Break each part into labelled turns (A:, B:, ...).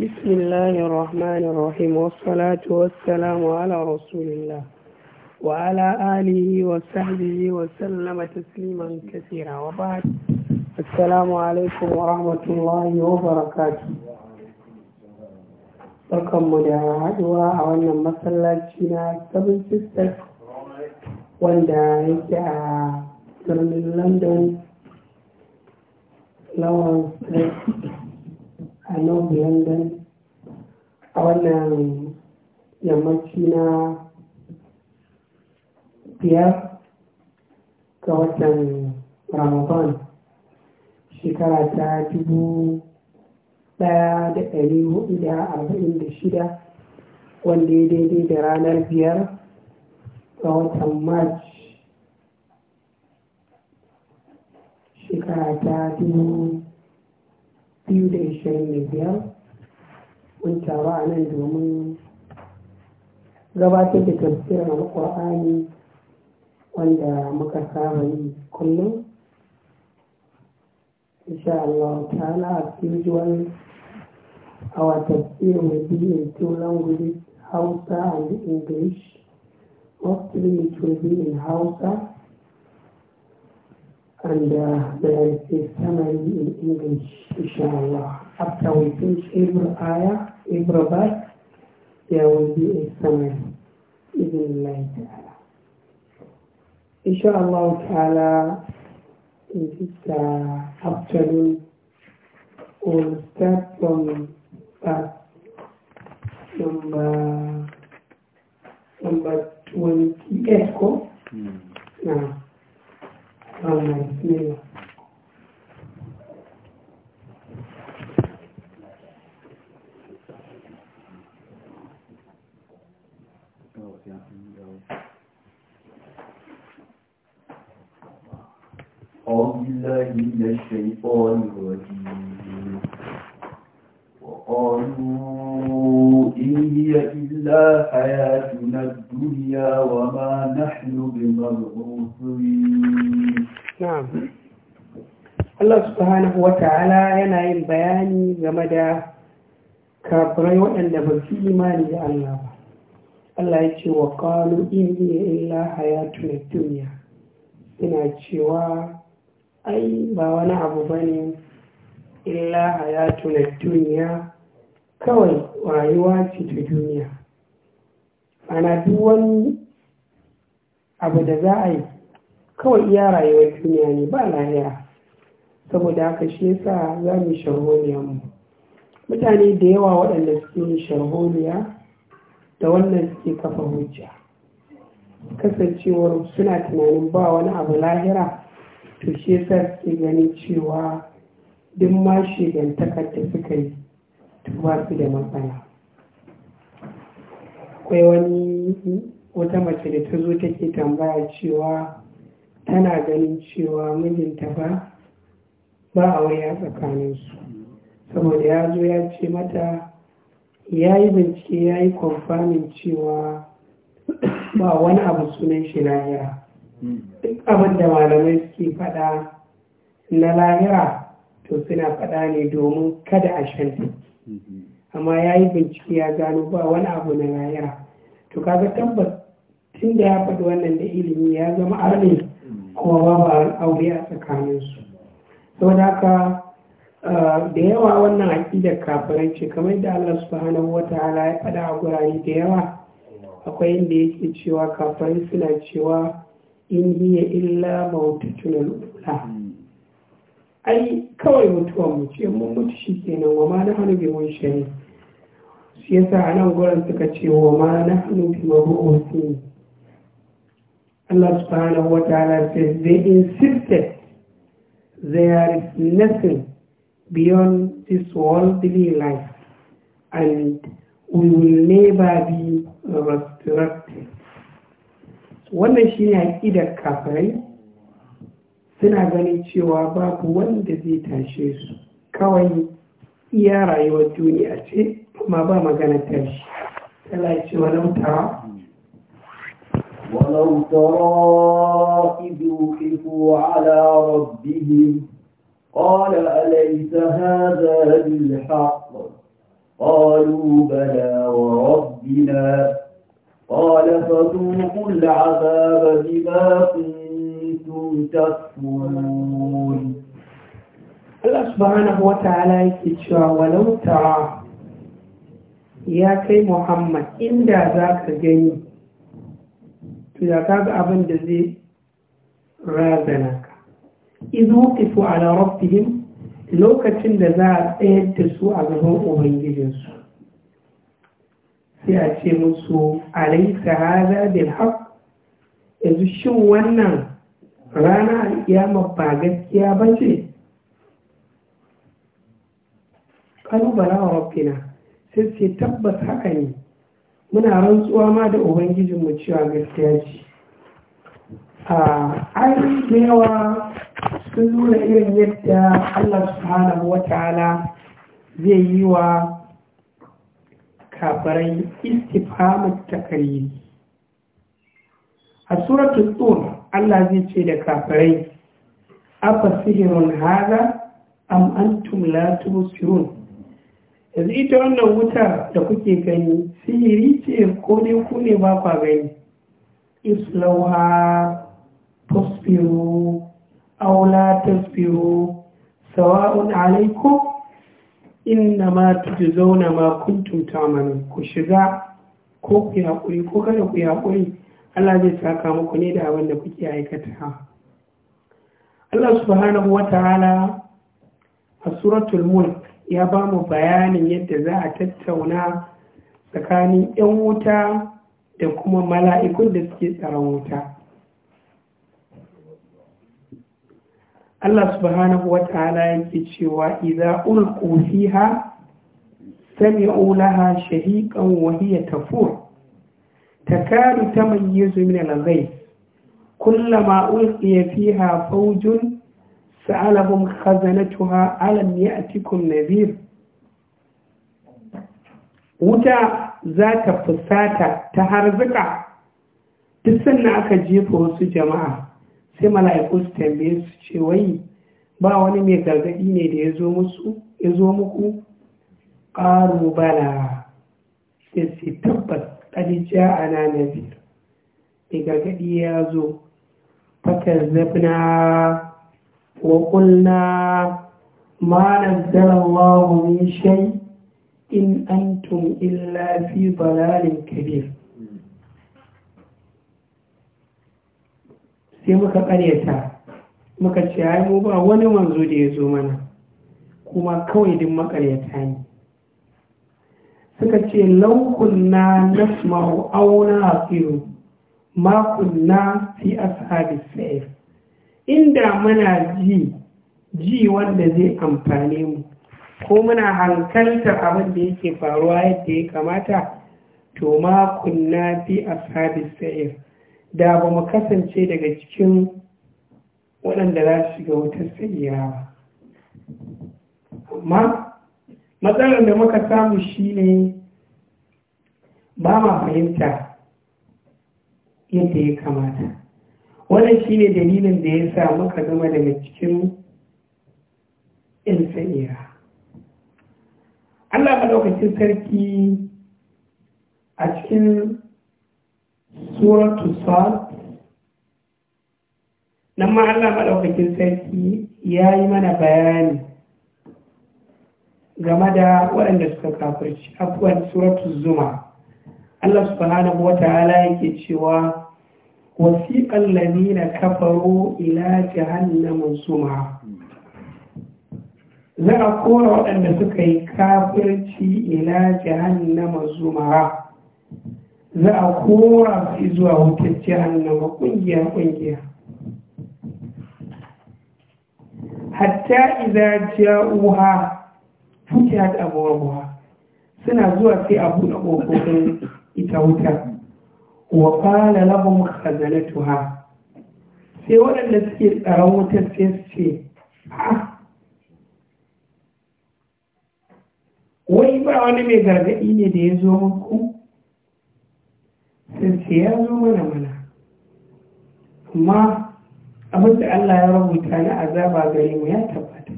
A: بسم الله الرحمن الرحيم والصلاة والسلام على رسول الله وعلى آله وصحبه وسلم تسليما كثيرا وبعد السلام عليكم ورحمة الله وبركاته barkanmu da haɗuwa a wannan masallaci na seven sisters wanda yake a birnin london lawan street a north london a wannan yammaci na biyar ga watan ramadan shekara ta dubu daya da dari hudu da arba'in da shida wanda ya daidai da ranar biyar ga watan march shekara ta dubu biyu da ishirin da biyar kuntawa a nan domin gabatar da tafsirar alƙur'ani wanda muka saba yi kullum insha Allah a as usual our tafsir will be in two languages Hausa and English mostly it will be in Hausa and uh, there is a in English, inshallah. After we finish every ayah, every verse, there will be a summary, even later. Inshallah ta'ala, in this uh, afternoon, we'll start from verse number, number 28. Ya rayuwar duniya ne ba lahiya saboda haka shi yasa za mu sharholiya mu mutane da yawa waɗanda suke yin sharholiya da wannan suke kafa hujja kasancewar suna tunanin ba wani abu lahira to shi yasa suke ganin cewa duk ma shigantakar da suka yi to ba su da matsala akwai wani wata mace da ta zo take tambaya cewa tana ganin cewa mijinta ba ba aure a tsakaninsu saboda ya zo ya ce mata ya yi bincike ya yi kwamfamin cewa ba wani abu sunan shi lahira duk abin da malamai suke faɗa na lahira to suna faɗa ne domin kada a shanta amma ya yi bincike ya gano ba wani abu na lahira to kaga tabbas tun da ya faɗi wannan da ilimi ya zama arne kuma babu aure a tsakaninsu saboda haka uh, da yawa wannan aƙidar kafirai ce kamar da Allah subhanahu wa ta'ala ya faɗa a gurare da yawa akwai inda yake cewa kafirai suna cewa in hiya illa tunan ula. ai kawai mutuwa mu ce mun mutu shi kenan wa ma na hannu bi mun shari shi yasa a nan gurin suka ce wa ma na hannu bi ne. Allah subhanahu wa ta'ala says, they insisted there is nothing beyond this worldly life and we will never be resurrected. Wannan shi ne aƙidar kafirai suna ganin cewa babu wanda zai tashe su kawai iya rayuwar duniya ce amma ba magana tashi. Allah ya ce wa lautawa
B: ولو ترى إذ وقفوا على ربهم قال أليس هذا بالحق قالوا بلى وربنا قال فذوقوا العذاب بما كنتم
A: تكفرون الله سبحانه وتعالى ta'ala ولو ترى يا كي محمد إن ذاك inda to da kaga abin da zai razana ka izu wuqifu ala rabbihim lokacin da za a tsayar da su a gaban ubangijinsu sai a ce musu alaysa hada bil haqq yanzu shin wannan rana alkiyama ba gaskiya ba ce kalubala rabbina sai sai tabbas haka ne muna rantsuwa ma da ubangijin mu cewa gaskiya ce a ai da yawa sun nuna irin yadda allah subhanahu wa ta'ala zai yi wa kafarai istifamat takariri a suratul tur allah zai ce da kafarai. afa sihirun haza am antum la tubsirun yanzu ita wannan wuta da kuke gani sihiri ce ko ne ku ne ba kwa gani islauha tasbiru aw tasbiru sawa'un alaikum innama tujzauna ma kuntum ta'malun ku shiga ko ku yaƙuri ko kada ku yaƙuri Allah zai saka muku ne da abin da kuke aikata Allah subhanahu wa ta'ala a suratul mulk ya ba mu bayanin yadda za a tattauna tsakanin 'yan wuta da kuma mala'ikun da suke tsaron wuta Allah subhanahu wa ta'ala yake cewa idza ulqu fiha sami'u laha shahiqan wa hiya tafur takadu tamayyizu min al-ghayb kullama ulqiya fiha fawjun sa'alahum khazanatuha alam ne a tukun nadhir wuta za ta fusata ta harzuka duk sannan aka jefa wasu jama'a sai mala'iku su tambaye su ce wai ba wani mai gargadi ne da ya zo muku ƙaru bala sai su tabbas ƙadija ana nazir mai gargadi ya zo fatar zabna وقلنا ما نزل الله من شيء إن أنتم إلا في ضلال كبير sai muka ƙaryata muka ce ya mu ba wani wanzu da ya zo mana kuma kawai din makaryata ne suka ce laukun na nasmaru auna a makon na fi asali inda muna ji ji wanda zai amfane mu ko muna hankaltar abin da yake faruwa yadda ya kamata to ma kunna fi ashabi sa'ir da ba mu kasance daga cikin waɗanda za su shiga wata sa'ira ba amma matsalar da muka samu shine ba ma fahimta yadda ya kamata wannan ne dalilin da ya sa muka zama daga cikin insanira Allah maɗaukacin sarki a cikin suratu sa'ad nan ma Allah maɗaukakin sarki ya yi mana bayani game da waɗanda suka kafirci afuwan suratu zuma Allah subhanahu wa ta'ala yake cewa wasiƙan na kafaro ila jahannamin suma za a kora waɗanda suka yi kafirci ila jahannama suma za a kora su zuwa wutar jahannama ƙungiya-ƙungiya hatta idan ja'uha fuke haɗa abubuwa, suna zuwa sai a buɗe ƙofofin ita wuta. wa qala lahum tuha, sai waɗanda suke tsaron wutar sai su ce ah, wai ba wani mai gargaɗi ne da ya zo muku sai ya zo mana mana amma abinda Allah ya rubuta na azaba gare mu ya tabbata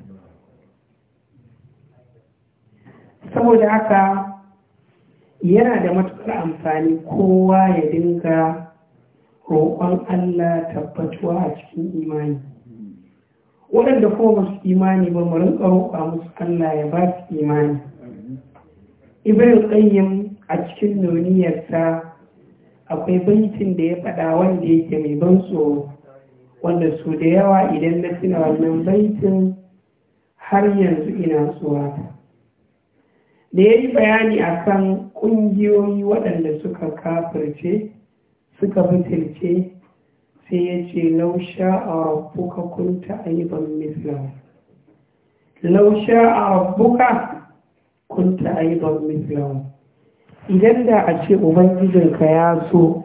A: saboda haka yana da matuƙa ka amfani kowa ya dinga roƙon Allah tabbatuwa a cikin imani waɗanda kuma masu imani ba mu rinƙa roƙa musu Allah ya ba su imani ibrahim qayyim a cikin nuniyarsa akwai baitin da ya faɗa wanda yake mai ban tsoro wanda su da yawa idan na tuna wannan baitin har yanzu ina tsorata da ya yi bayani a kan ƙungiyoyi waɗanda suka kafirce suka fitilce sai ya ce lausha a rabbuka kun aiban mislahu lausha a rabbuka idan da a ce ubangijinka ya so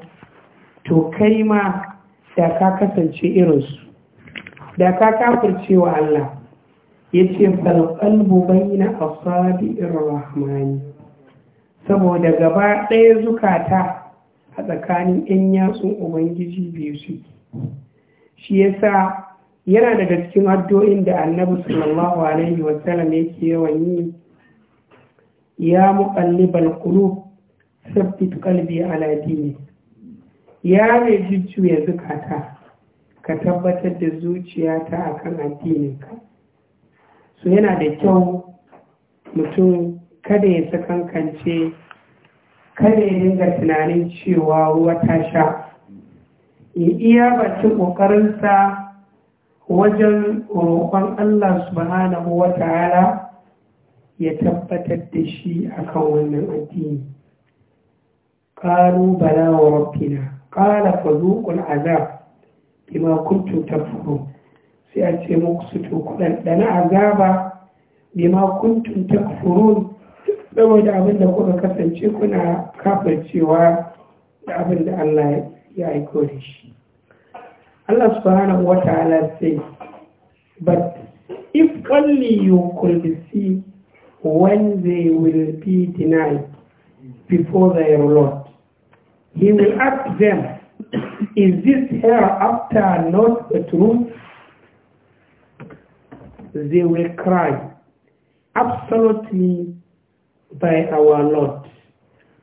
A: to kai ma da ka kasance irinsu da ka kafirce wa Allah yace bal qalbu baina asabi irrahman saboda gaba ɗaya zukata a tsakanin yan yatsun ubangiji biyu su shi yasa yana daga cikin addu'o'in da annabi sallallahu alaihi sallam yake yawan yi ya muqallibal qulub sabbit qalbi ala dini ya mai jujjuya zukata ka tabbatar da zuciyata akan addininka Su yana da kyau mutum kada ya sakankance kada ya dinga tunanin cewa ruwa ta sha ya iya baki ƙoƙarinsa wajen roƙon Allah subhanahu wa ta'ala ya tabbatar da shi akan wannan addini ƙaru bala wa rabbina ƙara fa zuƙul azab bima kuntum tafkurun saboda kuka kasance kuna da Allah ya aiko da shi Allah says but if only you could see when they will be denied before their Lord he will ask them is this after not the truth they will cry, absolutely by our Lord.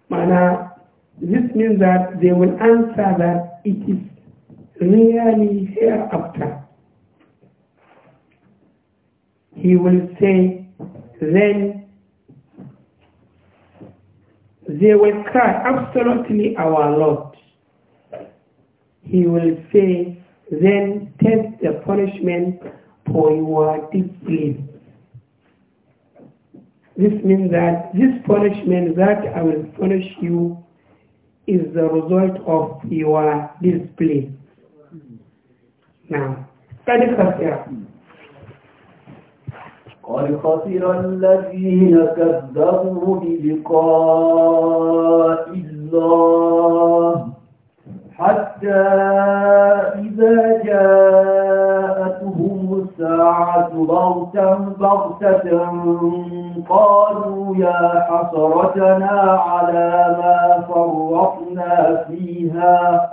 A: Mana, this means that they will answer that it is really hereafter. He will say, then they will cry, absolutely our Lord. He will say, then take the punishment for your disbelief. This means that this punishment that I will punish you is the result of your disbelief. Now, قد خسر
B: قد خسر الذين كذبوا بلقاء الله حتى إذا جاءوا الساعة بغتة بغتة قالوا يا حسرتنا على ما فرطنا فيها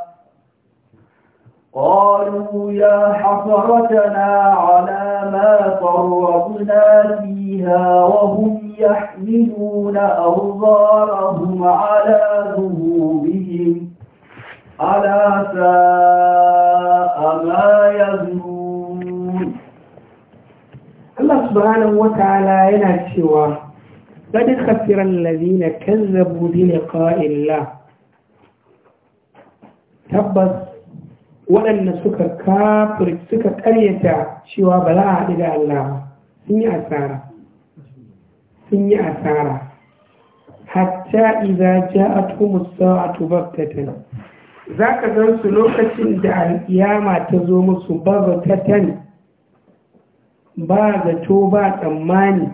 B: قالوا يا حسرتنا على ما فرطنا فيها وهم يحملون أوزارهم على ظهورهم ألا ساء ما يذنون
A: Allah subhanahu wa ta'ala yana cewa قد خسر الذين كذبوا بلقاء الله tabbas waɗanda suka kafir suka ƙaryata cewa ba za a haɗu da Allah sun yi asara sun yi asara hatta idza ja'atuhum as-sa'atu baghtatan zaka gan su lokacin da alƙiyama ta zo musu baghtatan ba zato ba tsammani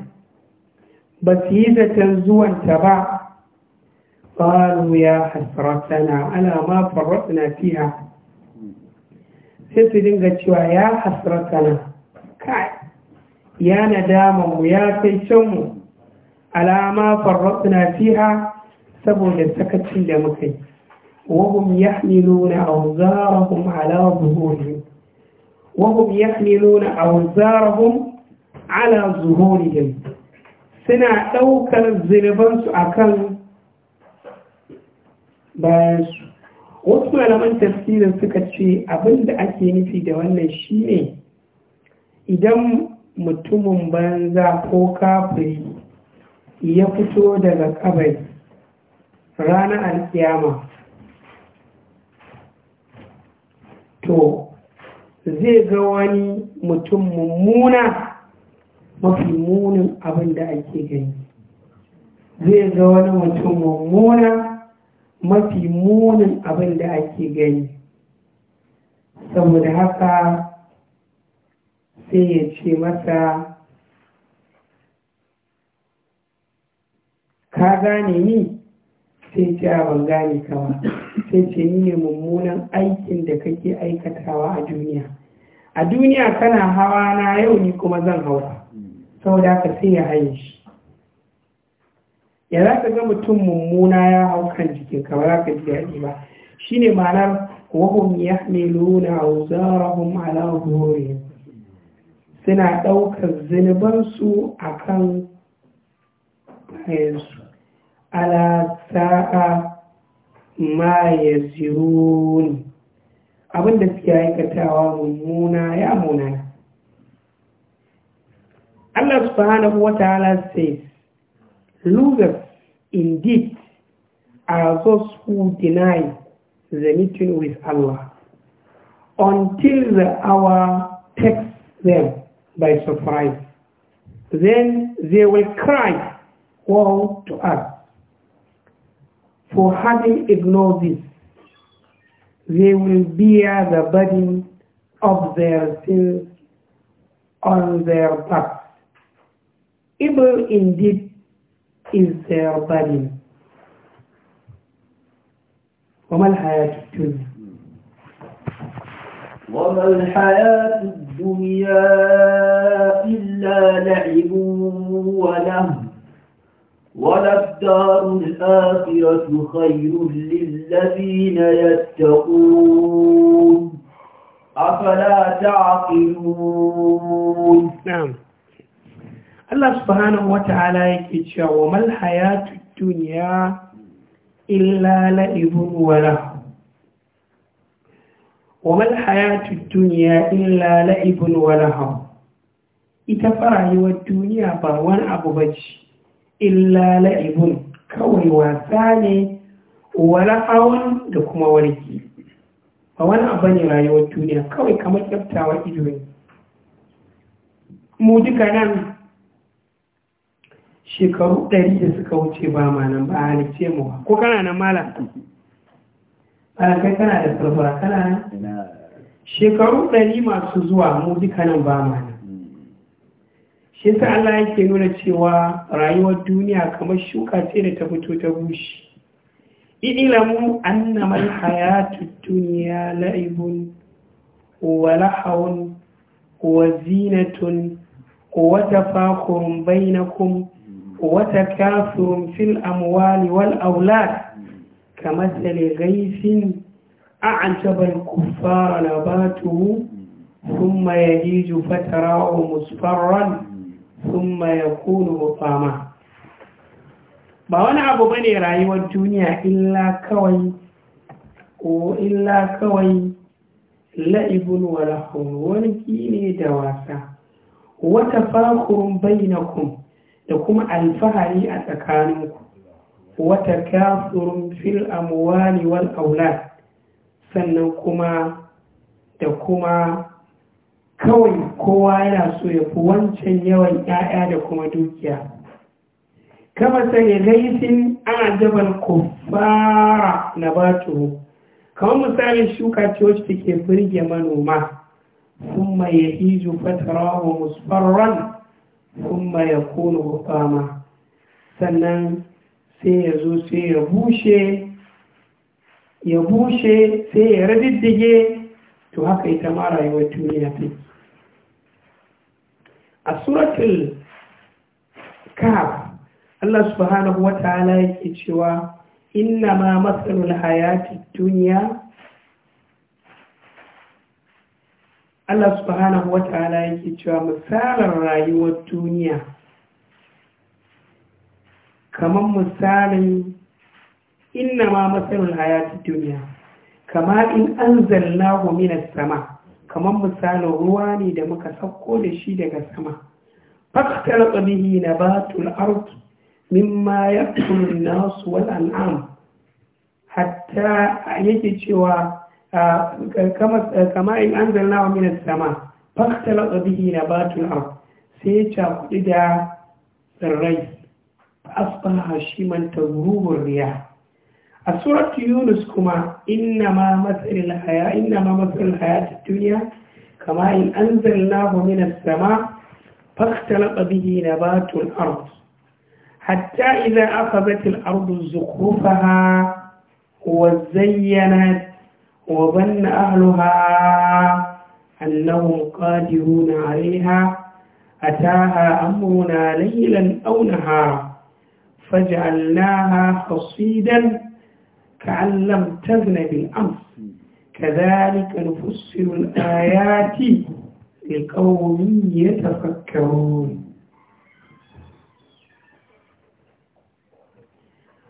A: ba su yi zaton zuwanta ba ƙaru ya hasratana ana ma na fiha sai su dinga cewa ya hasratana kai ya nadama mu ya kai canmu alama na fiha saboda sakacin da muka yi wahum yahmiluna kuma alawar buhuri وهم يحملون أوزارهم على ظهورهم سنة ɗaukar الزنبان أكل bayansu. wasu malaman tafsirin suka ce abin da ake nufi da wannan shine idan mutumin banza ko kafiri ya fito daga kabari ranar alkiyama to zai ga wani mutum mummuna mafi munin abin da ake gani zai ga wani mutum mummuna mafi munin abin da ake gani saboda haka sai ya ce masa ka gane ni sai ce ban gane ka ba sai ce ni ne mummunan aikin da kake aikatawa a duniya a duniya kana hawa na yau ni kuma zan haura saboda haka sai ya haye shi ya za ka ga mutum mummuna ya hau kan jikin ka ba za ka ji daɗi ba shine ma'anar wahum yahmiluna awzarahum ala zuhurihim suna ɗaukar zunubansu akan hayansu. Allah sa'a ma yasirun abin da suke aikatawa mummuna ya muna Allah subhanahu wa ta'ala says losers indeed are those who deny the meeting with Allah until the hour takes them by surprise then they will cry woe to us For having ignored this, they will bear the burden of their sins on their backs. Evil indeed is their burden. وما الحياة الدنيا وما الحياة الدنيا
B: إلا لعب ولهو وللدار الآخرة خير للذين
A: يتقون أفلا تعقلون نعم الله سبحانه وتعالى يكتشى وما الحياة الدنيا إلا لئب وله وما الحياة الدنيا إلا لئب ولهو إتفاعي والدنيا بروان أبو بجي illa la'ibun kawai wasa ne wani awon da kuma warki ba wani abu ne rayuwar duniya kawai kamar kyaftawa ido ne mu duka nan shekaru ɗari da suka wuce ba ma nan ba ce mu ba ko kana nan mala ba kai kana da sarfara kana nan shekaru ɗari masu zuwa mu duka nan ba ma nan shi yasa Allah yake nuna cewa rayuwar duniya kamar shuka ce da ta fito ta bushe mu annama hayatu dunya la'ibun wa lahawun wa zinatun wa tafakhurun bainakum wa takathurun fil amwali wal aulad sali ghaythin a'jaba al-kuffara nabatuhu thumma yahiju fatara'u musfarran thumma kunu hutama ba wani abu ba ne rayuwar duniya illa kawai ko illa kawai la'ibun wa wani ne da wasa wata fakurun bainakum da kuma alfahari a tsakaninku wata kasurun fil amwali wal aulad sannan kuma da kuma kawai kowa yana so ya fi wancan yawan 'ya'ya da kuma dukiya kama sanya laifin ana jabal kufara na batu kamar misalin shuka ce wacce take birge manoma kuma ya hiju fatara wa musfarran kuma ya kone hukama sannan sai ya zo sai ya bushe ya bushe sai ya radiddige to haka ita ma rayuwar duniya take a suratul kaf Allah subhanahu wa ta'ala yake cewa inna ma matsalul hayati duniya Allah subhanahu wa ta'ala yake cewa misalin rayuwar duniya kamar misalin inna ma matsalul hayati duniya kama in an zalna minas sama kamar misalin ruwa ne da muka sauko da shi daga sama fakhtalaqa bihi nabatul ard mimma yakulu an-nas wal hatta yake cewa kama in anzalna wa minas sama fakhtalaqa bihi nabatul ard sai ya cakuɗi da tsirrai fa asbaha shiman a يونس كما إنما مثل الحياة إنما مثل الحياة الدنيا كما إن duniya kama in فاختلط به نبات الأرض حتى إذا أخذت الأرض زخرفها وزينت وظن أهلها أنهم قادرون عليها أتاها أمرنا ليلا أو نهارا فجعلناها حصيدا كعلم تزن بالأمس كذلك نفسر الآيات لقوم يتفكرون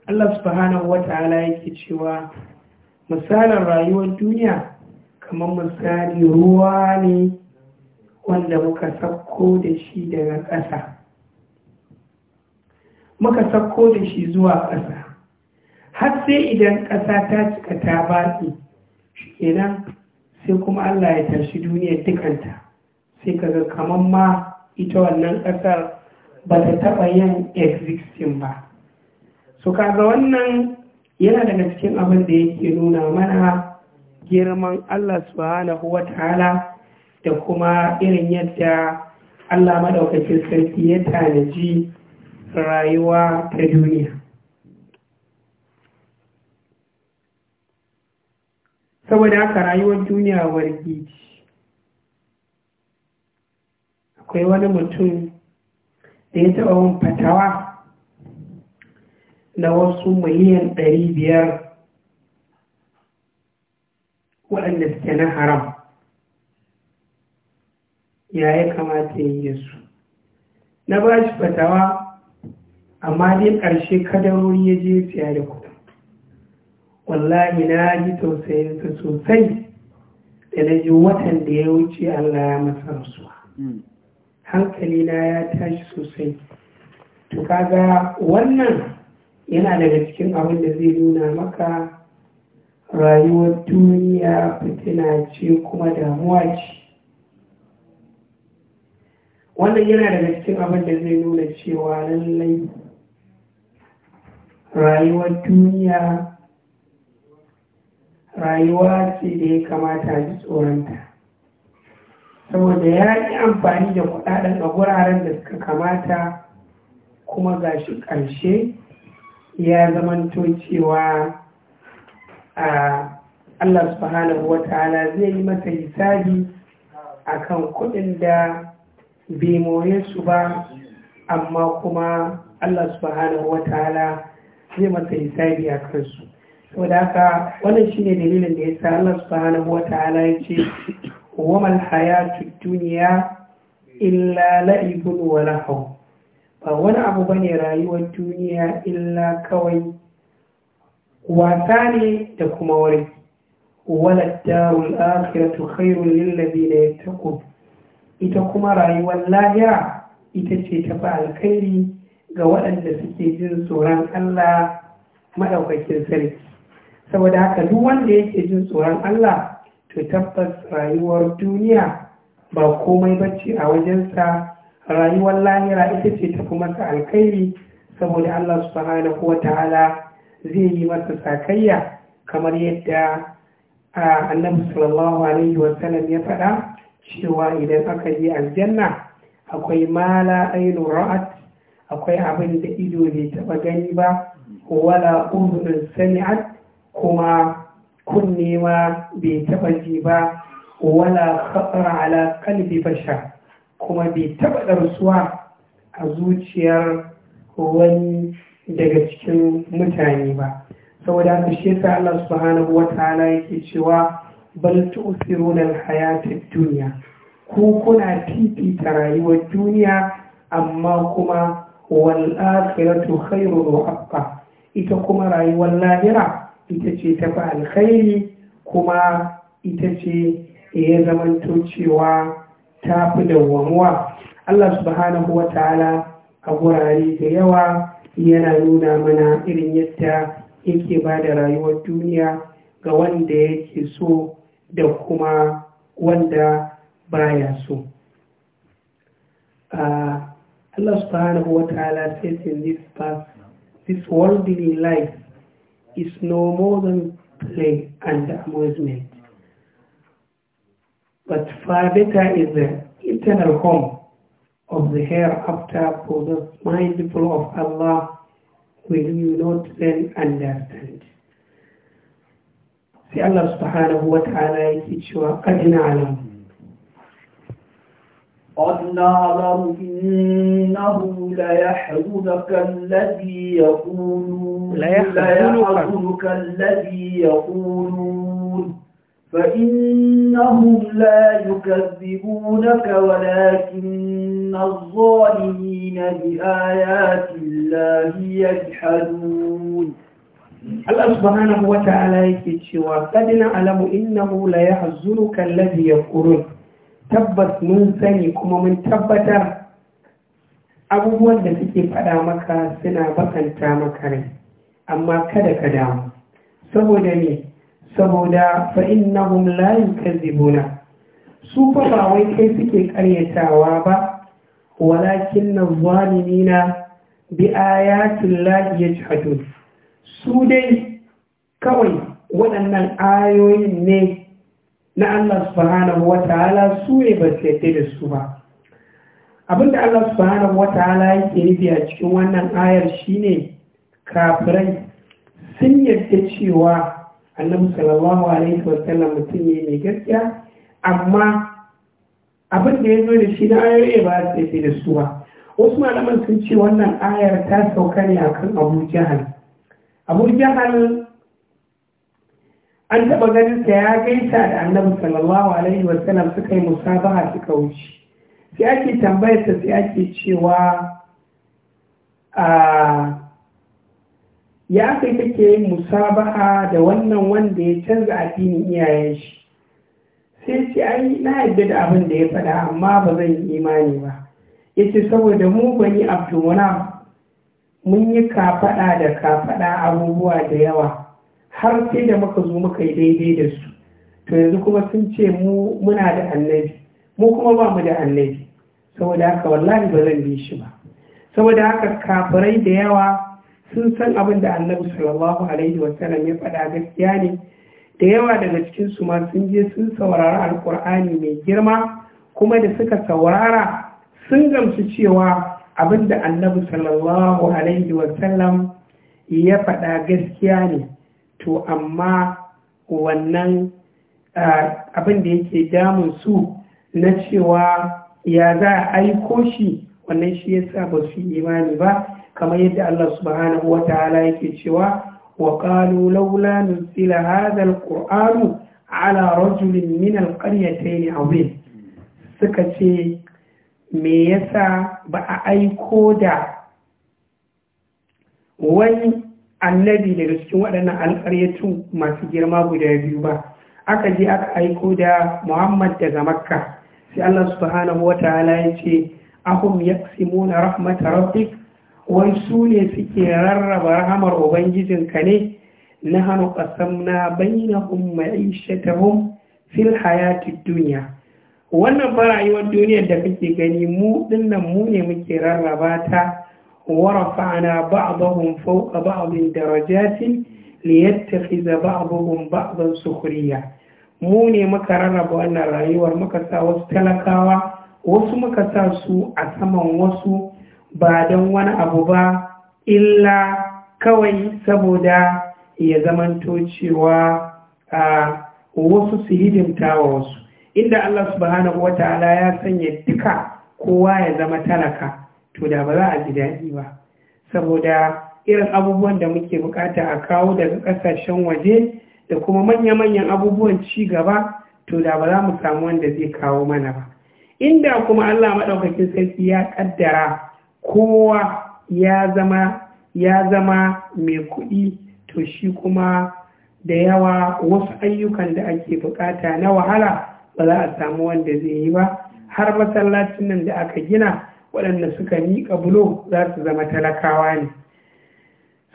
A: Allah subhanahu ta’ala yake cewa misalin rayuwar duniya kamar misali ruwa ne wanda muka sako da shi daga ƙasa muka sako da shi zuwa ƙasa har sai idan ƙasa ta cika ta baƙi kenan sai kuma Allah ya tashi duniyar dukanta sai kaga kamar ma ita wannan ƙasar ba ta taɓa yin existing ba so kaga wannan yana daga cikin abin da yake nuna mana girman Allah subhanahu wa ta'ala da kuma irin yadda Allah maɗaukacin sarki ya tanaji rayuwa ta duniya saboda haka rayuwar duniya wargi akwai wani mutum da ya taɓa wani fatawa na wasu miliyan ɗari biyar waɗanda suke na haram ya ya kamata yi su na ba shi fatawa amma dai ƙarshe kadarori ya je siya da ku wallahi na ji tausayinsa sosai da na ji watan da ya wuce allah ya masa rasuwa hmm. hankali na ya tashi sosai to kaga wannan yana daga cikin abin da zai nuna maka rayuwar duniya fitina ce kuma damuwa ce wannan yana daga cikin abin da zai nuna cewa lallai rayuwar duniya rayuwa ce da ya kamata ji tsoronta saboda ya yi amfani da kudaden a guraren da suka kamata kuma ga shi ƙarshe ya zamanto cewa a Allah subhanahu wa ta'ala zai yi mata hisabi a kan kuɗin da bai more su ba amma kuma Allah subhanahu wa ta'ala zai mata hisabi a kansu wadaka haka wannan ne dalilin da ya sa Allah subhanahu wata'ala ya ce wa mal hayatu dunya illa la'ibun wa lahu ba wani abu bane rayuwar duniya illa kawai wasa ne da kuma wari wala darul akhiratu khairul lil ladina yattaqun ita kuma rayuwar lahira ita ce ta fi alkhairi ga waɗanda suke jin tsoron Allah maɗaukakin sarki saboda haka duk wanda yake jin tsoron Allah to tabbas rayuwar duniya ba komai bacci a wajensa rayuwar lahira ita ce ta fi masa alkhairi saboda Allah subhanahu wa ta'ala zai yi masa sakayya kamar yadda annabi sallallahu alaihi sallam ya faɗa cewa idan aka yi aljanna akwai mala ainu ra'at akwai abin da ido bai taɓa gani ba wala uzurin sami'at kuma kunne ma bai taɓa ji ba wala khatara ala kalbi bashar kuma bai taɓa ɗarsuwa a zuciyar wani daga cikin mutane ba saboda da shi yasa Allah subhanahu wataala yake cewa bal tu'siruna al dunya ku kuna fifita rayuwar duniya amma kuma wal akhiratu khairun wa abqa ita kuma rayuwar lahira ita ce ta fi alkhairi kuma ita ce ya zamanto cewa ta fi dawwamuwa Allah subhanahu wa ta'ala a gurare da yawa yana nuna mana irin yadda yake ba da rayuwar duniya ga wanda yake so da kuma wanda baya so uh, Allah subhanahu wa ta'ala says in this verse this worldly life is no more than play and amusement. But far better is the eternal home of the hereafter for the mindful of Allah will you not then understand. Say, Allah subhanahu wa ta'ala it is cewa ajina قد
B: نعلم إنه ليحزنك الذي يقولون ليحزنك الذي يقولون فإنهم لا يكذبونك ولكن الظالمين بآيات الله يجحدون
A: Allah subhanahu wa ta'ala yake cewa qad na'lamu innahu la yahzunuka alladhi yaqulun tabbas mun sani kuma mun tabbatar abubuwan da suke faɗa maka suna bakanta maka rai amma kada ka damu saboda ne saboda layin kan yukazzibuna su fa ba wai kai suke ƙaryatawa ba walakin na zalimina bi ayatin lahi su dai kawai waɗannan ayoyin ne na Allah subhanahu wa ta'ala su ne ba su yadda da su ba abinda Allah subhanahu wa ta'ala yake nufi a cikin wannan ayar shine kafirai sun yadda cewa annabi sallallahu alaihi wa sallam mutum ne mai gaskiya amma abin da ya zo da shi na ayoyi ba su yadda da su ba wasu malaman sun ce wannan ayar ta sauka ne akan Abu Jahal Abu Jahal an taɓa ganin sa ya gaisa da annabi sallallahu alaihi wasallam suka yi musabaha suka wuce sai ake tambayar sa sai ake cewa a ya kai kake yin musabaha da wannan wanda ya canza addini iyayen shi sai ce ai na yadda da abin da ya faɗa amma ba zan yi imani ba ya ce saboda mu bani abdulmunaf mun yi kafaɗa da kafaɗa abubuwa da yawa har sai da muka zo muka yi daidai da su to yanzu kuma sun ce mu muna da annabi mu kuma ba mu da annabi saboda haka wallahi ba zan bi shi ba saboda haka kafirai da yawa sun san abin da annabi sallallahu alaihi sallam ya faɗa gaskiya ne da yawa daga cikin su ma sun je sun saurara alkur'ani mai girma kuma da suka saurara sun gamsu cewa abin da annabi sallallahu alaihi sallam ya faɗa gaskiya ne to amma wannan eh, abin da yake damun su na cewa ya za a aiko shi wannan shi yasa ba su yi imani ba kamar yadda Allah subhanahu wa ta'ala yake cewa wa qalu laula nuzila hadha alqur'anu ala rajulin min alqaryatayn azim suka ce me yasa ba a aiko da wani annabi daga cikin waɗannan alƙaryatu masu girma guda biyu ba aka je aka aiko da muhammad daga makka sai allah subhanahu wa ta'ala ya ce ahum yaqsimuna rahmata rafi wai su ne suke rarraba rahamar ka ne na hannu na ƙasamna bainahum ma'ishatahum fil hayati duniya. wannan yi rayuwar duniyar da kake gani mu dinnan mu ne muke rarraba ta na ورفعنا بعضهم فوق بعض درجات liyattakhidha ba'dhum ba'dhan sukhriya mu ne muka rarraba wannan rayuwar muka sa wasu talakawa wasu muka sa su a saman wasu ba don wani abu ba illa kawai saboda ya zamanto a wasu su hidimta wa wasu inda Allah subhanahu wata'ala ya sanya duka kowa ya zama talaka to da ba za a ji daɗi ba saboda irin abubuwan da muke bukata a kawo daga ƙasashen waje da kuma manya-manyan abubuwan ci gaba to da ba za mu samu wanda zai kawo mana ba inda kuma allah maɗaukakin sarki ya ƙaddara kowa ya zama ya zama mai kuɗi to shi kuma da yawa wasu ayyukan da ake bukata na wahala ba za a samu wanda zai yi ba har masallacin nan da aka gina waɗanda suka miƙa bulo za su zama talakawa ne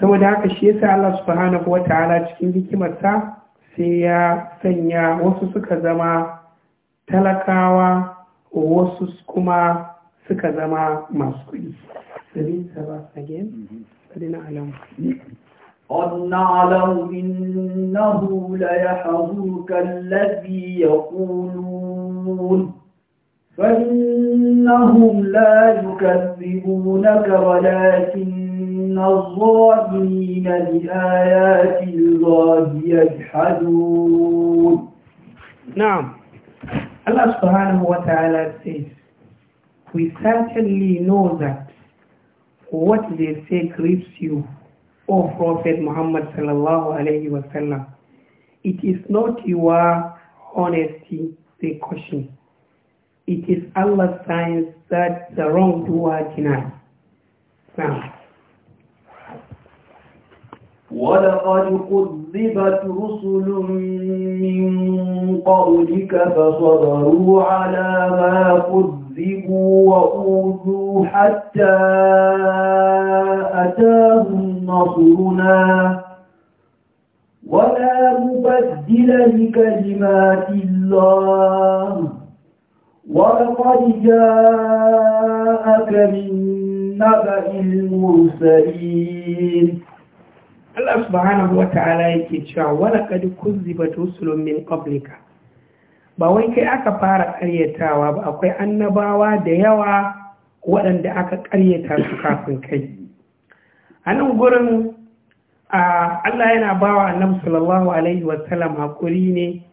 A: saboda haka shi yasa Allah subhanahu wa cikin hikimarsa sai ya sanya wasu suka zama talakawa wasu kuma suka zama masu kuɗi قد نعلم
B: إنه ليحظوك الذي يقولون فإنهم لا يكذبونك ولكن الظالمين
A: الله يجحدون نعم Allah subhanahu wa ta'ala says, We certainly know that what they say grips you, O Prophet Muhammad sallallahu alayhi wa sallam. It is not your honesty they question. it is Allah's signs that the wrong in denies. Now.
B: ولقد كذبت رسل من قَوْلِكَ فصبروا على ما كذبوا وأوذوا حتى أتاهم نصرنا ولا مبدل لكلمات الله ولقد جاءك
A: من نبأ المرسلين Allah subhanahu wa ta'ala yake cewa wala kad kuzzibat rusulun ba wai kai aka fara karyatawa ba akwai annabawa da yawa waɗanda aka karyata su kafin kai a nan gurin Allah yana bawa annabi sallallahu alaihi wa hakuri ne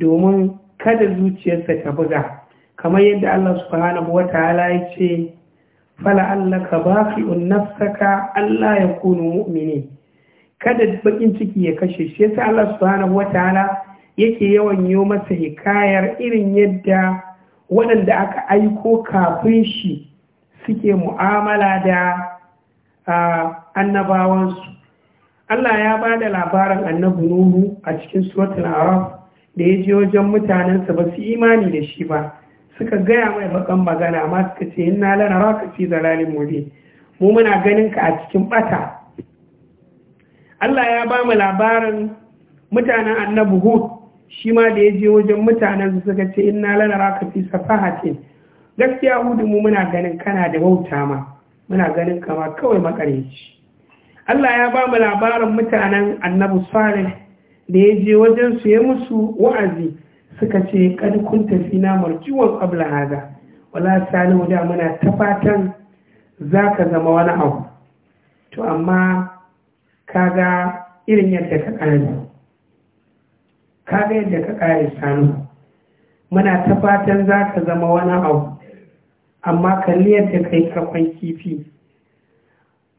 A: domin kada zuciyarsa ta buga kamar yadda Allah subhanahu wataala ya ce fala'allaka baqi'un nafsaka Allah ya kunu mu'mini kada bakin ciki ya kashe shi yasa Allah subhanahu wataala yake yawan yi masa hikayar irin yadda waɗanda aka aiko kafin shi suke mu'amala da annabawansu Allah ya ba da labarin annabi Nuhu a cikin suratul Araf da ya je wajen mutanensa ba su imani da shi ba suka gaya mai bakan magana amma suka ce inna lana raka fi zalalin mudi mu muna ganin ka a cikin bata Allah ya ba mu labarin mutanen annabi Hud shi ma da ya je wajen mutanen su suka ce inna lana raka fi safahatin gaskiya hudu mu muna ganin kana da wauta ma muna ganin kama kawai makareci Allah ya ba mu labarin mutanen annabi Salih da ya je wajen su ya musu wa'azi suka ce kun tafi fina marjiwan abla haza wala salihu da muna ta fatan zaka zama wani abu to amma kaga irin yadda ka kare kaga yadda ka kare sanu muna ta fatan zaka zama wani abu amma kalli yadda ka yi karkon kifi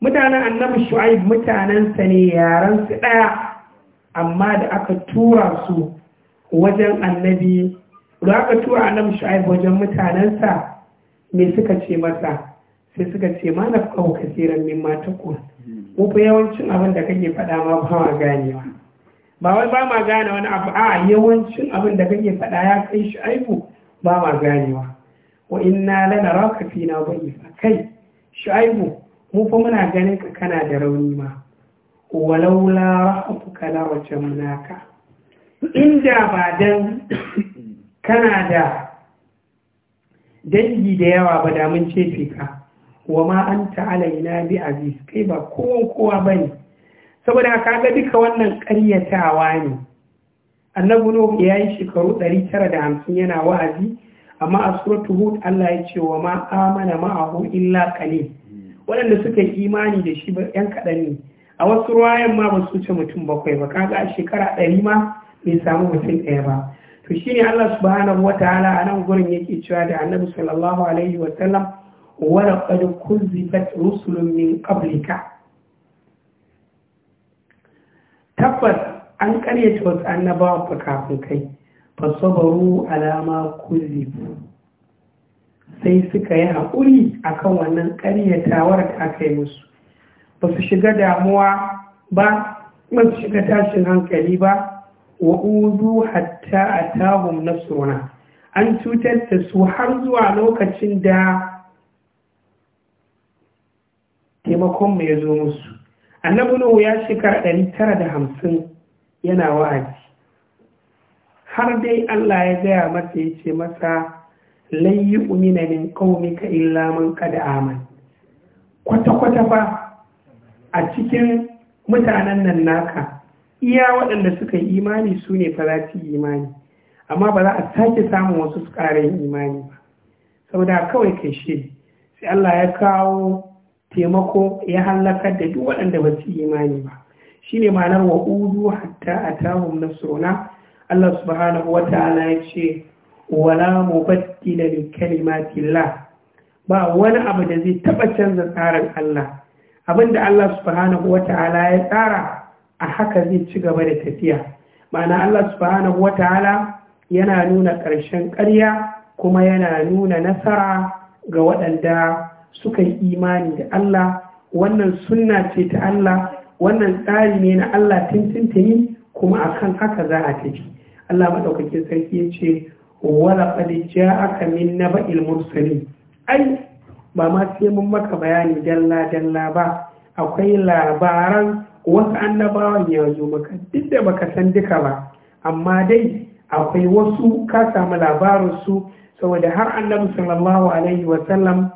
A: mutanen annabi shu'aib mutanensa ne yaran su ɗaya amma da aka tura su wajen annabi da aka tura annabi shu'aib wajen mutanensa me suka ce masa sai suka ce ma na fuka kasiran min ma takun hmm. yawancin abin da kake faɗa ma ba ma ganewa ba wai ba ma gane wani abu a yawancin abin da kake faɗa ya kai shu'aibu ba ma ganewa wa inna lana raka bai A kai shu'aibu mu fa muna ganin ka kana da rauni ma walaula rahatuka wajen naka? inda ba dan kana da dangi da yawa ba da mun cefe ka wa ma an ta'ala ina bi aziz kai ba kowa kowa ba ne saboda ka ga duka wannan karyatawa ne annabi nuhu ya yi shekaru 950 yana wa'azi amma a suratul hud Allah ya ce wa ma amana ma'ahu illa qalil Wadanda suka yi imani da shi ba yan ne a wasu ruwayan ma ba su ce mutum bakwai ba kaga a shekara ɗari ma bai samu mutum ɗaya ba to shine Allah subhanahu wataala a nan gurin yake cewa da Annabi sallallahu alaihi wa sallam wa laqad kuzifat rusulun min qablika tabbas an karyata wasu annabawa ba kafin kai fa sabaru alama kuzifu sai suka yi haƙuri akan wannan karyatawar da aka yi musu ba su shiga damuwa ba ba su shiga tashin hankali ba wa uzu hatta na nasruna an cutar da su har zuwa lokacin da taimakon mu ya zo musu annabu nuhu ya shekara ɗari tara da hamsin yana wa'azi har dai Allah ya gaya masa ya ce masa lan yu'mina min qaumika illa ka da aman kwata kwata ba a cikin mutanen nan naka iya waɗanda suka yi imani su ne fa za su yi imani amma ba za a sake samun wasu su ƙara imani ba saboda kawai kai shi sai Allah ya kawo taimako ya hallakar da duk waɗanda ba su yi imani ba Shi ne ma'anar wa udu hatta a na sona Allah subhanahu wa ta'ala ya ce wala mubaddila li kalimatillah ba wani abu da zai taba canza tsarin Allah abinda Allah subhanahu wa ya tsara a haka zai ci gaba da tafiya ma'ana Allah subhanahu wata'ala yana nuna ƙarshen ƙarya kuma yana nuna nasara ga waɗanda suka yi imani da Allah wannan sunna ce ta Allah wannan tsari ne na Allah tuntuntuni kuma akan haka za a tafi Allah maɗaukakin sarki ce wala ƙadija aka min na ba'il ai ba ma sai mun maka bayani dalla dalla ba akwai labaran wasu annabawan ya zo maka duk da baka san duka ba amma dai akwai wasu ka samu labarinsu saboda har annabi sallallahu alaihi sallam.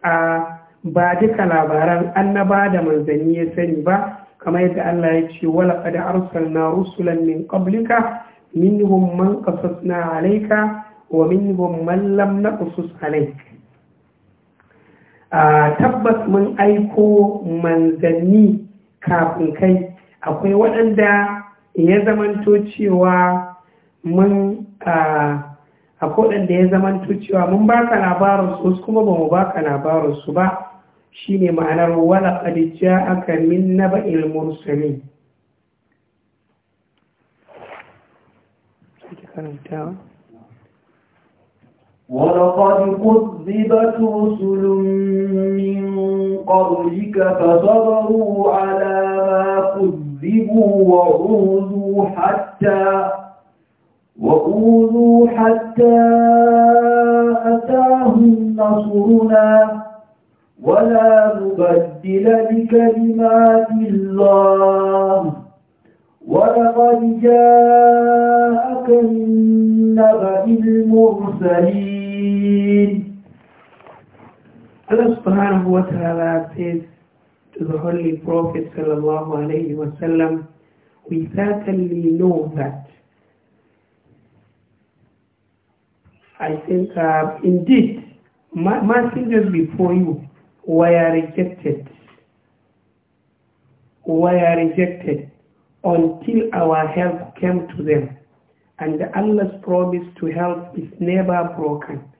A: a ba duka labaran annaba da manzanni ya sani ba kamar yadda Allah ya ce wala qad arsalna rusulan min qablika minhum man qasasna alayka wa minhum man lam naqsus alayka tabbas mun aiko manzanni kafin kai akwai waɗanda ya zamanto cewa mun akwai waɗanda ya zamanto cewa mun baka labarin su kuma ba mu baka labarin su ba shine ma'anar wala qadija aka min naba'il Thank you.
B: ولقد كذبت رسل من قبلك
A: فصبروا
B: على ما كذبوا وعوذوا حتى وأوذوا حتى أتاهم نصرنا ولا نبدل لكلمات الله ولقد جاءك من
A: نبأ المرسلين Allah subhanahu wa ta'ala says to the Holy Prophet sallallahu alayhi عليه وسلم, we certainly know that. I think uh, indeed messengers before you were rejected, were rejected until our help came to them. And Allah's promise to help is never broken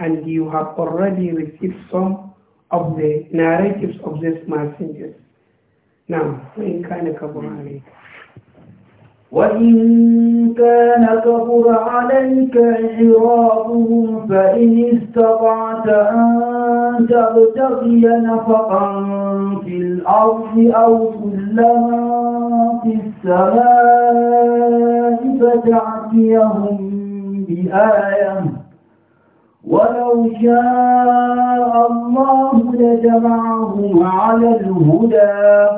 A: and you have already received some of the narratives of these messengers. Now, in kind of Kabbalah.
B: وإن كان كبر عليك إعراضهم فإن استطعت أن تبتغي نفقا في الأرض أو سلما السماء فتعتيهم بآية ولو شاء الله لجمعهم على الهدى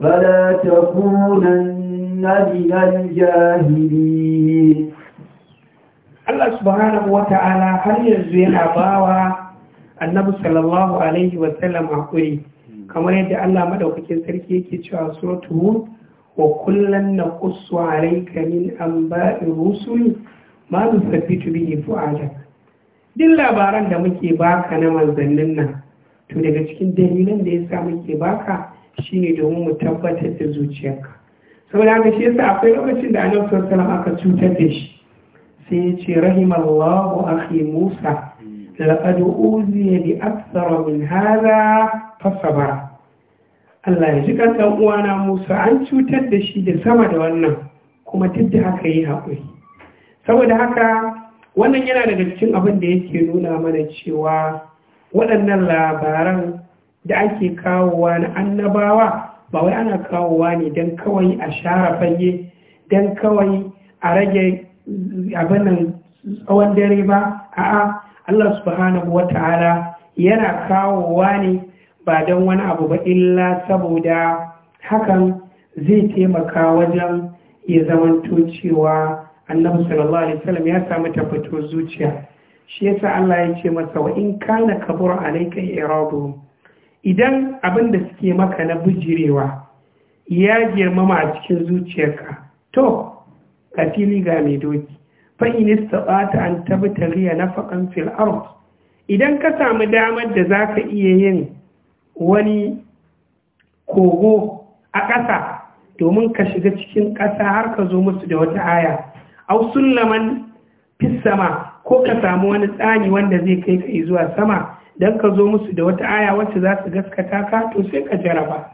B: فلا
A: تكونن من الجاهلين Allah subhanahu wa ta’ala har yanzu yana bawa annabi sallallahu Alaihi wa sallam a kuri, kamar yadda Allah madaukakin sarki yake cewa suratu hud, wa kullum na kusurai kamin an ba’in rusuri, ma’adu sabbitu bihi fu’adar. duk labaran da muke baka na manzannin nan to daga cikin dalilan da ya sa muke baka shine domin mu tabbatar da zuciyarka saboda haka shi yasa akwai lokacin da annabi sallallahu aka cutar da shi sai ya ce rahimallahu akhi Musa laqad uziya bi akthara min hadha sabara Allah ya ji dan uwana Musa an cutar da shi da sama da wannan kuma duk da haka yi haƙuri saboda haka wannan yana daga cikin abin da yake nuna mana cewa waɗannan labaran da ake kawowa na annabawa ba wai ana kawowa ne don kawai a share fage don kawai a rage abin nan tsawon dare ba a'a Allah subhanahu wa ta'ala yana kawowa ne ba don wani abu ba illa saboda hakan zai taimaka wajen ya zamanto cewa annabi sallallahu alaihi wasallam ya samu tabbatuwar zuciya shi yasa Allah ya ce masa wa in kana kabura alayka iradu idan abin da suke maka na bujirewa ya girmama a cikin zuciyarka to ka fili ga mai doki fa in istata an tabtariya nafaqan fil ard idan ka samu damar da zaka iya yin wani kogo a ƙasa domin ka shiga cikin ƙasa har ka zo musu da wata aya aw sullaman fis sama ko ka samu wani tsani wanda zai kai ka zuwa sama dan ka zo musu da wata aya wacce za su gaskata ka to sai ka jaraba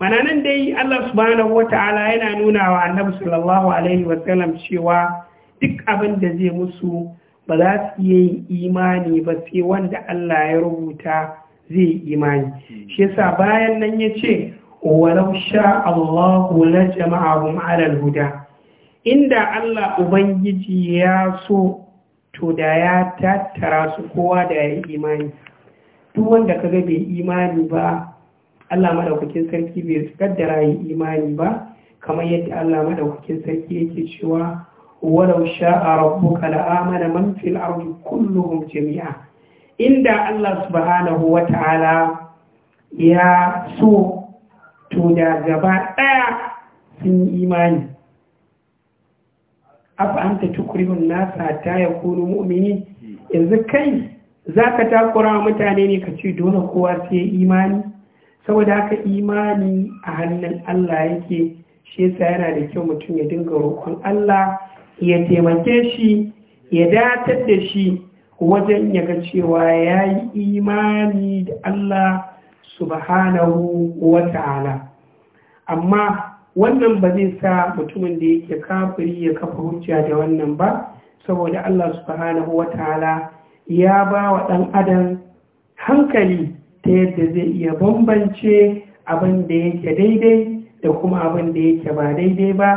A: mana nan dai Allah subhanahu wataala yana nuna wa Annabi sallallahu alaihi wasallam cewa duk abin da zai musu ba za su iya yin imani ba sai wanda Allah ya rubuta zai yi imani shi yasa bayan nan ya ce walau sha Allahu la jama'ahum ala al-huda inda Allah Ubangiji ya so to da ya tattara su kowa da ya yi imani duk wanda kaga bai imani ba Allah madaukakin sarki bai kaddara yi imani ba kamar yadda Allah madaukakin sarki yake cewa walau sha'a rabbuka la'amana man fil ardi kulluhum jami'a inda Allah subhanahu wata'ala ya so to da gaba ɗaya sun yi imani afa anta tukrihun nasa ta ya yakunu mu'mini yanzu kai zaka takura wa mutane ne ka ce dole kowa sai imani saboda haka imani a hannun Allah yake shi yasa yana da kyau mutum ya dinga roƙon Allah ya taimake shi ya datar da shi wajen ya ga cewa ya yi imani da Allah subhanahu wa ta'ala amma wannan ba zai sa mutumin da yake kafiri ya kafa hujja da wannan ba saboda Allah subhanahu wataala ya ba wa ɗan adam hankali ta yadda zai iya bambance abin da yake daidai da kuma abin da yake ba daidai ba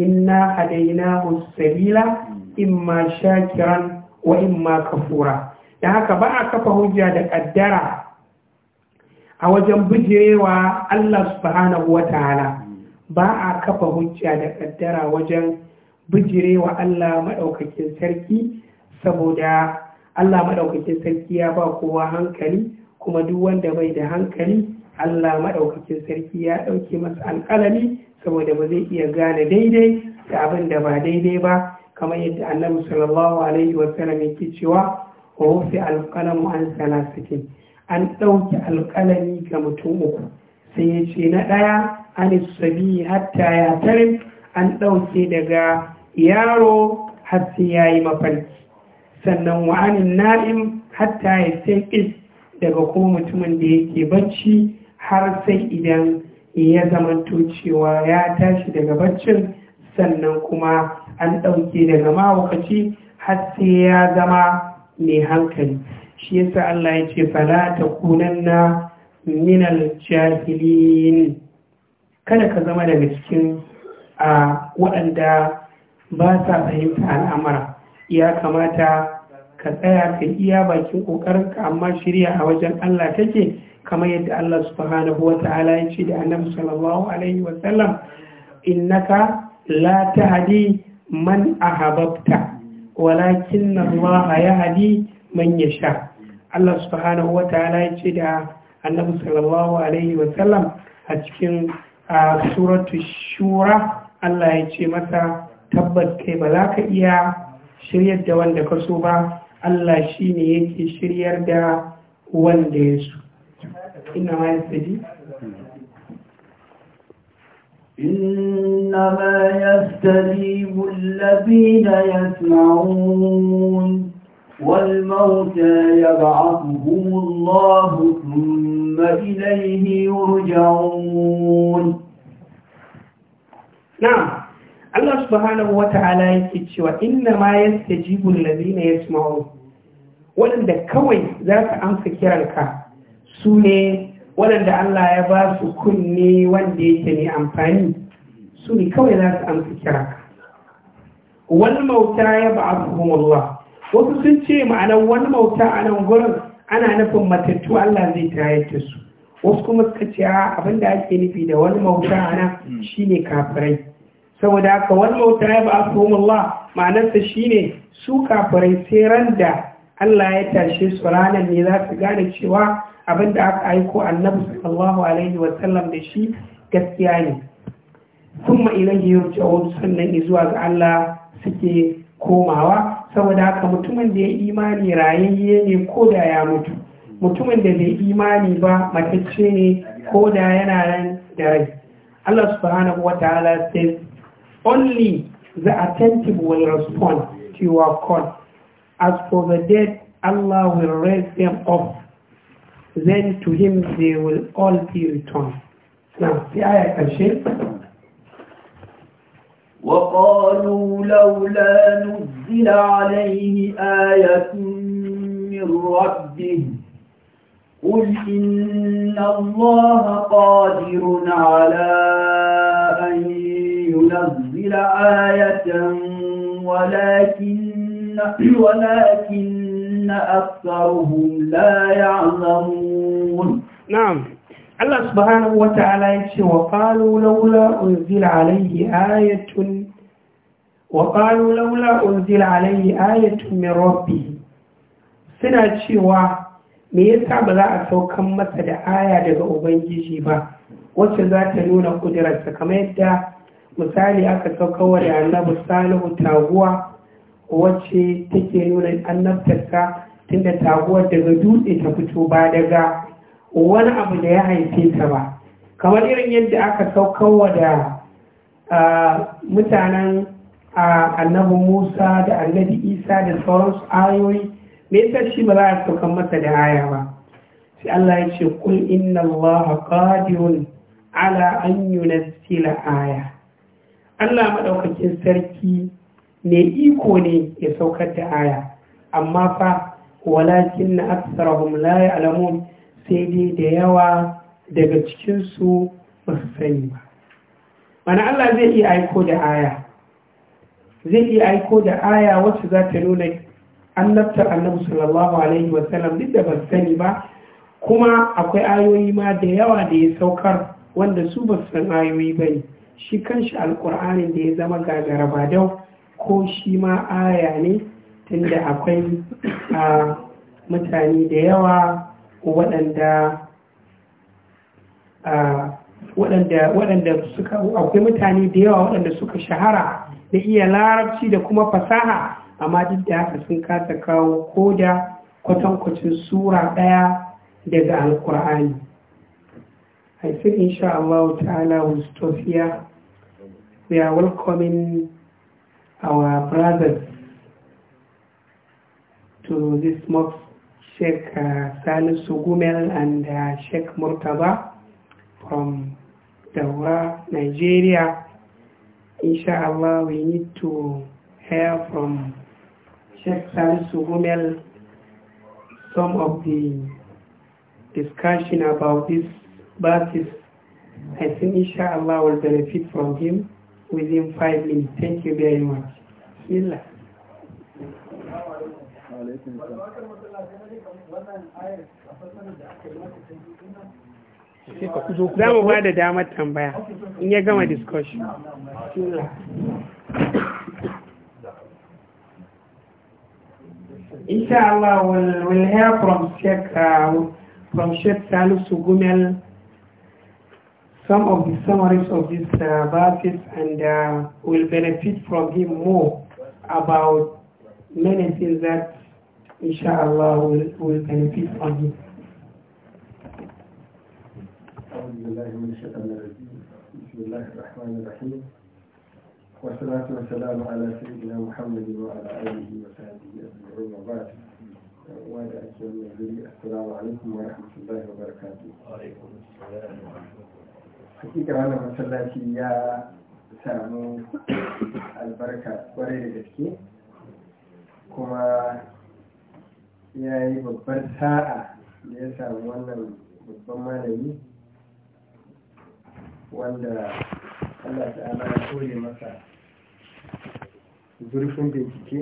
A: inna hadaina sabila imma shakiran wa imma kafura da haka ba a kafa hujja da kaddara a wajen bijirewa Allah subhanahu wataala ba a kafa hujja da kaddara wajen bijire wa Allah maɗaukakin sarki saboda Allah maɗaukakin sarki ya ba kowa hankali kuma duk wanda bai da hankali Allah maɗaukakin sarki ya ɗauke masa alƙalami saboda ba zai iya gane daidai da abin da ba daidai ba kamar yadda annabi sallallahu alaihi wa sallam yake cewa wa wufi alƙalamu an salasatin an ɗauke alƙalami ga mutum uku sai ya ce na ɗaya anisabi hatta ya tarin an ɗauke daga yaro har sai ya yi mafarki sannan wa'anin na'im hatta ya sai daga kuma mutumin da yake bacci har sai idan ya zama cewa ya tashi daga baccin sannan kuma an ɗauke daga mawakaci har sai ya zama mai hankali shi yasa Allah ya ce kunan na minal jahilin kada ka zama daga cikin a waɗanda ba sa fahimta al'amara ya kamata ka tsaya ka iya bakin ƙoƙarinka amma shirya a wajen Allah take kamar yadda Allah subhanahu wa ta'ala ya ce da annabi sallallahu alaihi wa sallam innaka la tahdi man ahabbta walakin Allah yahdi man yasha Allah subhanahu wa ta'ala ya ce da annabi sallallahu alaihi wa sallam a cikin a suratu shura Allah ya ce mata tabbat kai ba za ka iya shiryar da wanda ka so ba Allah shi ne yake shiryar da wanda ya so ina ma ya tsaji
B: إنما يستجيب ya يسمعون والموتى يبعثهم الله
A: ثم ثم إليه يرجعون نعم الله سبحانه وتعالى يكتشف إنما يستجيب الذين يسمعون waɗanda kawai za su amsa kiranka su ne waɗanda Allah ya ba su kunne wanda yake ne amfani su ne kawai za su amsa kiranka wani mauta ya ba a Allah wasu sun ce ma'anar wani mauta a nan ana nufin matattu Allah zai tayyata su wasu kuma suka ce abin da ake nufi da wani mauta ana shine kafirai saboda haka wani mauta ya ba Allah ma'anarsa shine su kafirai sai ran da Allah ya tashe su ranar ne za su gane cewa abinda aka aiko annabi sallallahu alaihi wa sallam da shi gaskiya ne kuma ilayhi yurja'un sannan zuwa ga Allah suke komawa saboda haka mutumin da ya imani rayayye ne ko da ya mutu mutumin da bai imani ba matacce ne ko da yana nan da rai Allah subhanahu wa ta'ala says only the attentive will respond to your call as for the dead Allah will raise them up then to him they will all be returned now sai aya
B: وقالوا لولا نزل عليه آية من ربه قل إن الله قادر على أن ينزل آية ولكن, ولكن أكثرهم لا
A: يعلمون نعم Allah subhanahu ta'ala ya ce wa qalu laula unzila alayhi ayatun wa qalu laula suna cewa me yasa ba za a saukan masa da aya daga ubangiji ba wacce za ta nuna kudurarsa kamar yadda misali aka saukawa da annabi salihu taguwa wacce take nuna annabtarsa tunda taguwar daga dutse ta fito ba daga wani abu da ya haife ta ba kamar irin yadda aka wa da mutanen annabi musa da annabi isa da sauransu ayoyi mai tashi ba za a saukan masa da aya ba sai allah ya ce kul inna allah qadirun ala an yunazzila aya allah maɗaukakin sarki ne iko ne ya saukar da aya amma fa walakin na aksarahum la ya'lamun sai dai da yawa daga cikinsu ba su sani ba mana Allah zai iya aiko da aya zai iya aiko da aya wacce za ta nuna annabtar annabi sallallahu alaihi wasallam duk da ba su sani ba kuma akwai ayoyi ma da yawa da ya saukar wanda su ba san ayoyi ba ne shi kanshi alkur'anin da ya zama gagara ba dau ko shi ma aya ne tunda akwai ah, mutane da yawa waɗanda suka akwai mutane da yawa waɗanda suka shahara da iya larabci da kuma fasaha amma duk da haka sun kasa kawo ko da kwatankwacin sura ɗaya daga alkur'ani i think insha Allah ta'ala will we are welcoming our brothers to this mosque Sheikh uh, Sugumel and uh, Sheikh Murtaba from Daura, Nigeria. Inshallah, we need to hear from Sheikh Sanu Sugumel some of the discussion about this basis. I think inshallah will benefit from him within five minutes. Thank you very much. Bismillah
C: za mu ba da damar tambaya in ya gama discussion
A: Inshallah, we'll, we'll hear from Sheikh, uh, from Sheikh Salif Sugumel some of the summaries of these uh, verses and uh, will benefit from him more about many things that inshallah will, will benefit from it.
C: بسم الله الرحمن الرحيم والصلاة والسلام على سيدنا محمد وعلى آله وصحبه أجمعين وبعد وعلى السلام عليكم ورحمة الله وبركاته وعليكم السلام ورحمة الله حقيقة أنا مسلاتي يا سامو البركة ورد كما ya yi babbar sa'a da ya samu wannan babban malami wanda allah ta'ala ya kore masa zurfin bincike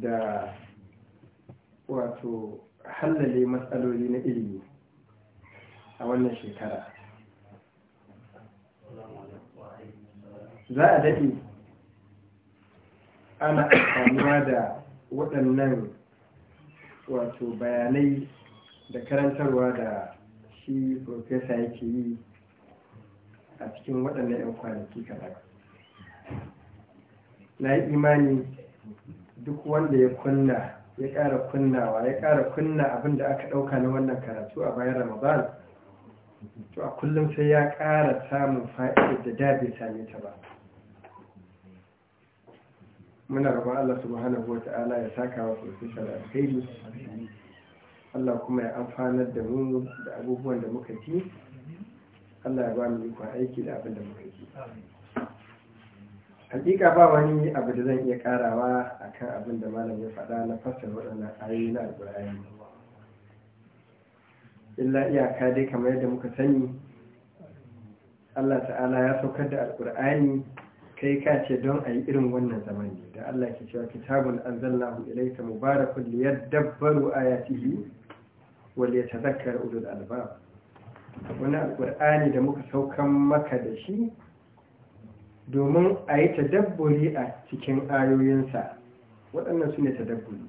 C: da wato hallale matsaloli na ilimi a wannan shekara za a daɗe ana kamuwa da waɗannan wato bayanai da karantarwa da shi profesa yake yi a cikin waɗannan 'yan kwanaki kaɗan na yi imani duk wanda ya kunna ya ƙara kunnawa ya ƙara kunna abin da aka ɗauka na wannan karatu a bayan ramadan to a kullum sai ya ƙara samun fa'idar da da bai same ta ba muna roƙon Allah subhanahu wa ta'ala ya saka wa professor alheri Allah kuma ya amfanar da mu da abubuwan da muka ci Allah ya ba mu ikon aiki da abin da muka ci hakika ba wani abu da zan iya karawa akan abin da malam ya faɗa na fassara waɗannan ayoyi na alƙur'ani illa iyaka dai kamar yadda muka sani Allah ta'ala ya saukar da alƙur'ani kai ka ce don a yi irin wannan zaman da Allah ke cewa kitabun anzalnahu ilayka mubarakun liyadabbaru ayatihi wa liyatadhakkara ulul albab wani alqur'ani da muka saukan maka da shi domin a yi tadabburi a cikin ayoyinsa waɗannan su ne tadabburi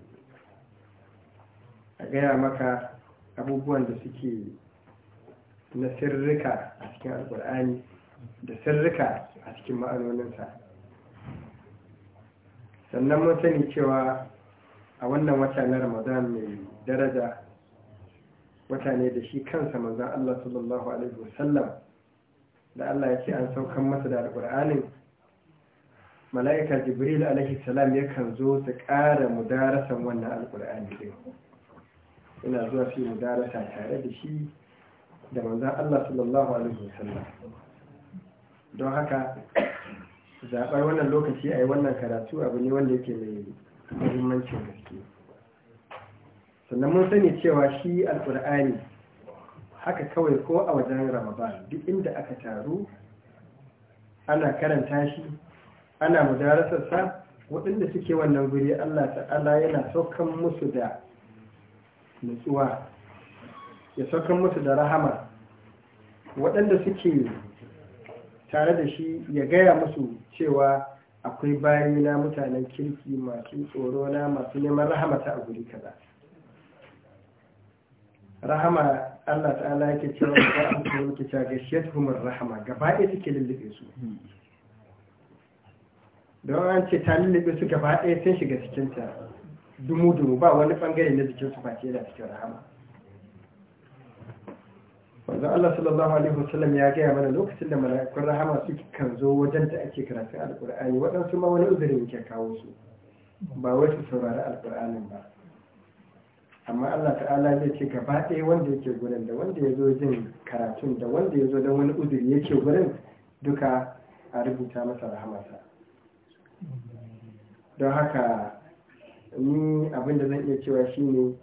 C: a gaya maka abubuwan da suke na sirrika a cikin alkur'ani da sirrika a cikin ma'anoninsa sannan mun sani cewa a wannan wata na ramadan mai daraja wata ne da shi kansa manzan Allah sallallahu Alaihi wasallam da Allah ya ce an saukan masa da alƙur'anin mala'ikar jibril alaihi salam yakan zo su ƙara mudarasan wannan alƙur'ani ɗin ina zuwa su yi mudarasa tare da shi da manzan Allah sallallahu Alaihi wasallam don haka zaɓar wannan lokaci a yi wannan karatu abu ne wanda yake mai muhimmancin gaske sannan mun sani cewa shi alƙur'ani haka kawai ko a wajen ramadan duk inda aka taru ana karanta shi ana mudararsa waɗanda suke wannan guri allah ta'ala yana saukan musu da nutsuwa ya saukan musu da rahama waɗanda suke tare da shi ya gaya musu cewa akwai bayi na mutanen kirki masu tsoro na masu neman rahama ta aguri kaza rahama Allah ta'ala yake cewa ba a cikin yake cewa gashiyar rahama gaba ɗaya take lullube su don an ce ta lullube su gaba ɗaya sun shiga cikinta dumu-dumu ba wani ɓangare na jikinsu ba ce da cikin rahama wanzu Allah sallallahu alaihi wasallam ya gaya mana lokacin da mala'ikun rahama suke kan zo wajen da ake karatun alkur'ani waɗansu ma wani uzuri yake kawo su ba wai su saurari alkur'anin ba amma Allah ta'ala zai ce gaba ɗaya wanda yake gudun da wanda ya zo jin karatun da wanda ya zo don wani uzuri yake gudun duka a rubuta masa rahamata don haka ni abin da zan iya cewa shine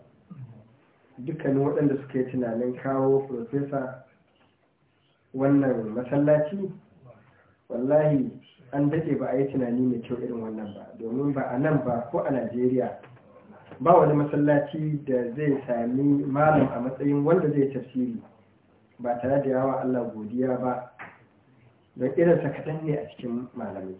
C: dukkanin waɗanda suka yi tunanin kawo profesa wannan masallaci wallahi an daɗe ba a yi tunani mai kyau irin wannan ba domin ba a nan ba ko a najeriya ba wani masallaci da zai sami malam a matsayin wanda zai tafsiri ba tare da yawa allah godiya ba don irinsa kaɗan ne a cikin malamai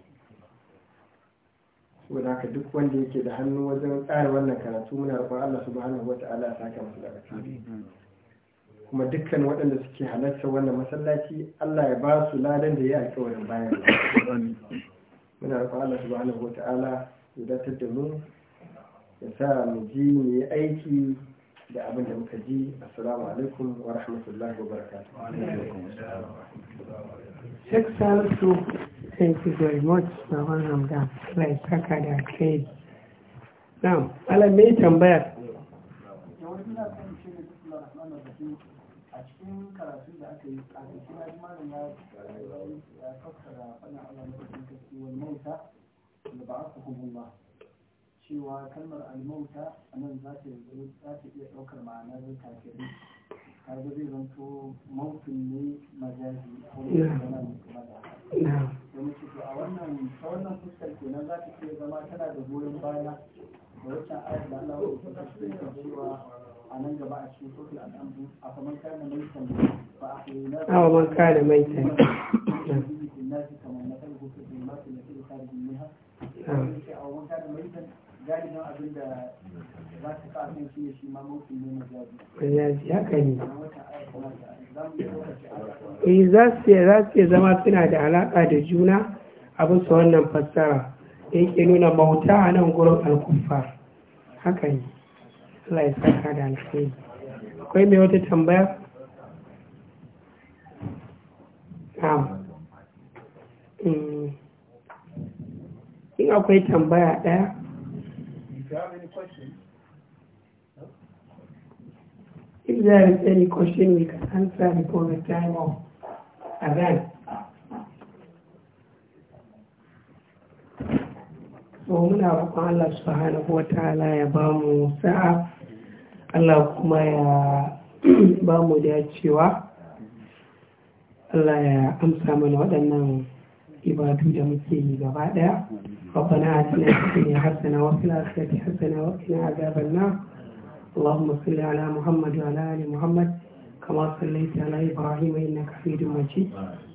C: saboda haka duk wanda yake da hannu wajen tsara wannan karatu muna roƙon Allah subhanahu wata'ala ya saka musu kuma dukkan waɗanda suke halarta wannan masallaci Allah ya ba su ladan da ya alƙawarin bayan muna roƙon Allah subhanahu ta'ala ya datar da mu ya sa mu ji mu yi aiki da abin da muka ji assalamu alaikum wa rahmatullahi wa barakatuh.
A: Sheikh Salisu Thank you very much, Maman Hamda. Allah ya saka da kai. Now, Allah mai tambaya.
C: a cikin karatun da aka yi a cikin na malam ya fassara fana Allah mauta da ba ba cewa kalmar almauta a nan za ta iya ɗaukar ma'anar kafirin kaga zai zanto mautun ne majazi ko za ta iya zama tana da goyon baya da wacce ayar da Allah shi ta cewa a nan gaba a cikin a kamar mai ba a kai na a kamar kana mai san kamar na kan gusa da ma su na kare mai a kamar mai san galibin abin da za ta shi ne shi ma ne na haka ne eh,
A: za su zama suna da alaƙa da juna a bisa wannan fassara da mauta anan bauta a gurin alkufar haka ne Allah ya saka da alkhairi akwai mai wata tambaya na'am in akwai tambaya daya If there is any question we can answer before the time of Adhan. so muna roƙon Allah subhanahu wa ta'ala ya ba mu sa'a Allah kuma ya ba mu dacewa Allah ya amsa mana waɗannan ibadu da muke yi gaba ɗaya ربنا آتنا في الدنيا حسنة وفي الآخرة حسنة وقنا عذاب النار اللهم صل على محمد وعلى آل محمد كما صليت على إبراهيم إنك حميد مجيد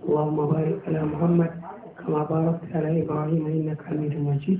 A: اللهم بارك على محمد كما باركت على إبراهيم إنك حميد مجيد